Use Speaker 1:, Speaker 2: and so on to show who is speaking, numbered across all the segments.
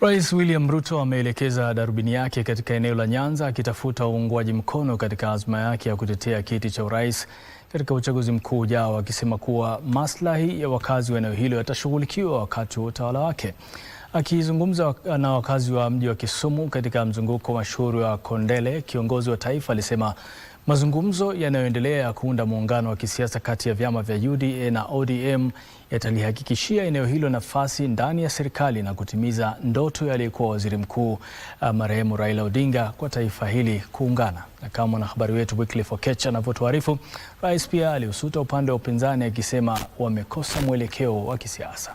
Speaker 1: Rais William Ruto ameelekeza darubini yake katika eneo la Nyanza akitafuta uungwaji mkono katika azma yake ya kutetea kiti cha urais katika uchaguzi mkuu ujao, akisema kuwa maslahi ya wakazi wa eneo hilo yatashughulikiwa wakati wa utawala wake. Akizungumza na wakazi wa mji wa Kisumu katika mzunguko mashuhuri wa Kondele, kiongozi wa taifa alisema Mazungumzo yanayoendelea ya kuunda muungano wa kisiasa kati ya vyama vya UDA na ODM yatalihakikishia eneo hilo nafasi ndani ya serikali na kutimiza ndoto ya aliyekuwa waziri mkuu uh, marehemu Raila Odinga kwa taifa hili kuungana. Na kama mwanahabari wetu Wycliffe Okech anavyotuarifu, rais pia aliusuta upande wa upinzani akisema wamekosa mwelekeo wa kisiasa.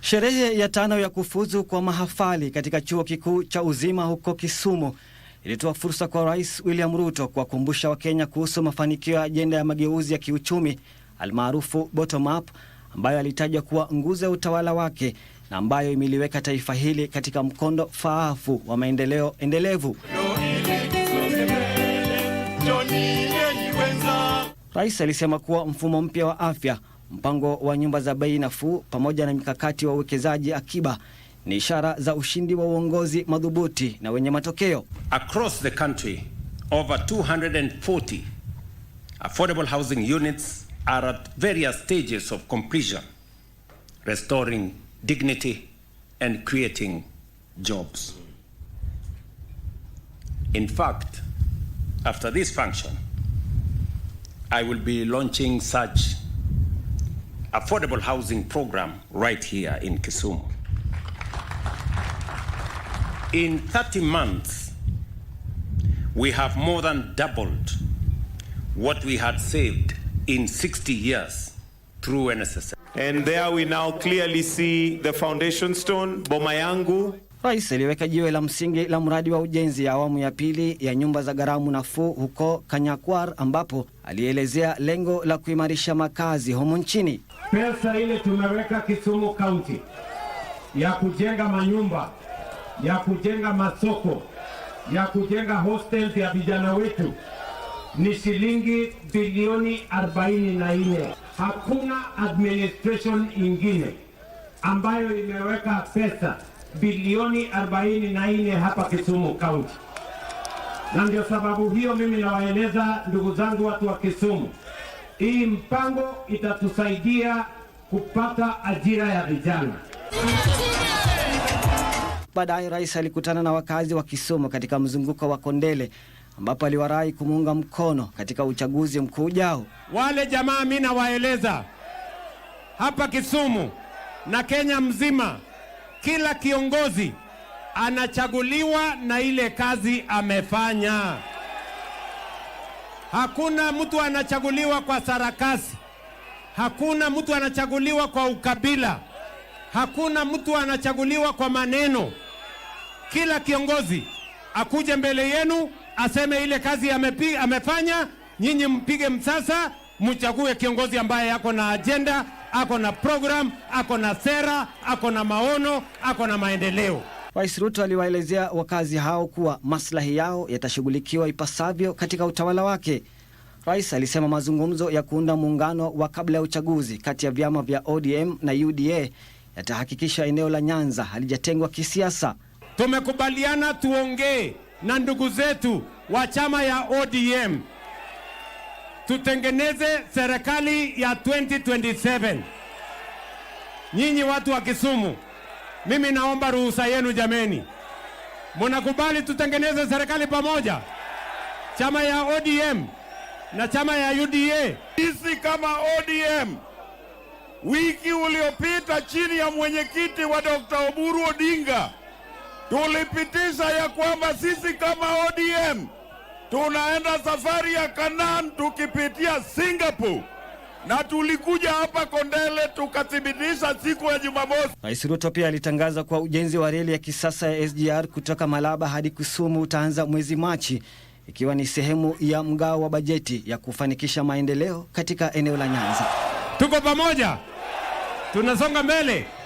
Speaker 1: Sherehe ya tano ya kufuzu kwa mahafali katika chuo kikuu cha Uzima huko Kisumu ilitoa fursa kwa Rais William Ruto kuwakumbusha Wakenya kuhusu mafanikio ya ajenda ya mageuzi ya kiuchumi almaarufu bottom up, ambayo alitajwa kuwa nguzo ya utawala wake na ambayo imeliweka taifa hili katika mkondo faafu wa maendeleo endelevu. Rais alisema kuwa mfumo mpya wa afya, mpango wa nyumba za bei nafuu, pamoja na mikakati wa uwekezaji akiba ni ishara za ushindi wa uongozi madhubuti na wenye matokeo.
Speaker 2: Across the country, over 240 affordable housing units are at various stages of completion, restoring dignity and creating jobs. In fact, after this function, I will be launching such affordable housing program right here in Kisumu. In 30 months, we have more than doubled what we had saved in 60 years through NSS.
Speaker 3: And there we now clearly see the foundation stone, Boma Yangu.
Speaker 1: Rais aliweka jiwe la msingi la mradi wa ujenzi ya awamu ya pili ya nyumba za gharamu nafuu huko Kanyakwar, ambapo alielezea lengo la kuimarisha makazi humu nchini.
Speaker 4: Pesa ile tumeweka Kisumu kaunti ya kujenga manyumba ya kujenga masoko ya kujenga hostel ya vijana wetu ni shilingi bilioni 44. Hakuna administration ingine ambayo imeweka pesa bilioni 44 hapa Kisumu County, na ndio sababu hiyo mimi nawaeleza ndugu zangu, watu wa Kisumu, hii mpango itatusaidia kupata ajira ya vijana.
Speaker 1: Baadaye rais alikutana na wakazi wa Kisumu katika mzunguko wa Kondele ambapo aliwarai kumuunga mkono katika uchaguzi mkuu ujao.
Speaker 5: Wale jamaa mi nawaeleza hapa Kisumu na Kenya mzima, kila kiongozi anachaguliwa na ile kazi amefanya. Hakuna mtu anachaguliwa kwa sarakasi, hakuna mtu anachaguliwa kwa ukabila, hakuna mtu anachaguliwa kwa maneno kila kiongozi akuje mbele yenu aseme ile kazi amepiga, amefanya. Nyinyi mpige msasa, mchague kiongozi ambaye ako na ajenda, ako na program, ako na sera, ako na maono, ako na maendeleo.
Speaker 1: Rais Ruto aliwaelezea wakazi hao kuwa maslahi yao yatashughulikiwa ipasavyo katika utawala wake. Rais alisema mazungumzo ya kuunda muungano wa kabla ya uchaguzi kati ya vyama vya ODM na UDA yatahakikisha eneo la Nyanza halijatengwa kisiasa
Speaker 5: tumekubaliana tuongee na ndugu zetu wa chama ya ODM tutengeneze serikali ya 2027. Nyinyi watu wa Kisumu, mimi naomba ruhusa yenu jameni, munakubali tutengeneze serikali pamoja, chama ya ODM na chama ya UDA?
Speaker 6: Sisi kama ODM, wiki uliopita chini ya mwenyekiti wa Dr. Oburu Odinga tulipitisha ya kwamba sisi kama ODM tunaenda safari ya Kanaan tukipitia Singapore na tulikuja hapa Kondele tukathibitisha siku ya Jumamosi.
Speaker 1: Rais Ruto pia alitangaza kuwa ujenzi wa reli ya kisasa ya SGR kutoka Malaba hadi Kisumu utaanza mwezi Machi, ikiwa ni sehemu ya mgao wa bajeti ya kufanikisha maendeleo katika eneo la Nyanza.
Speaker 5: Tuko pamoja, tunasonga mbele.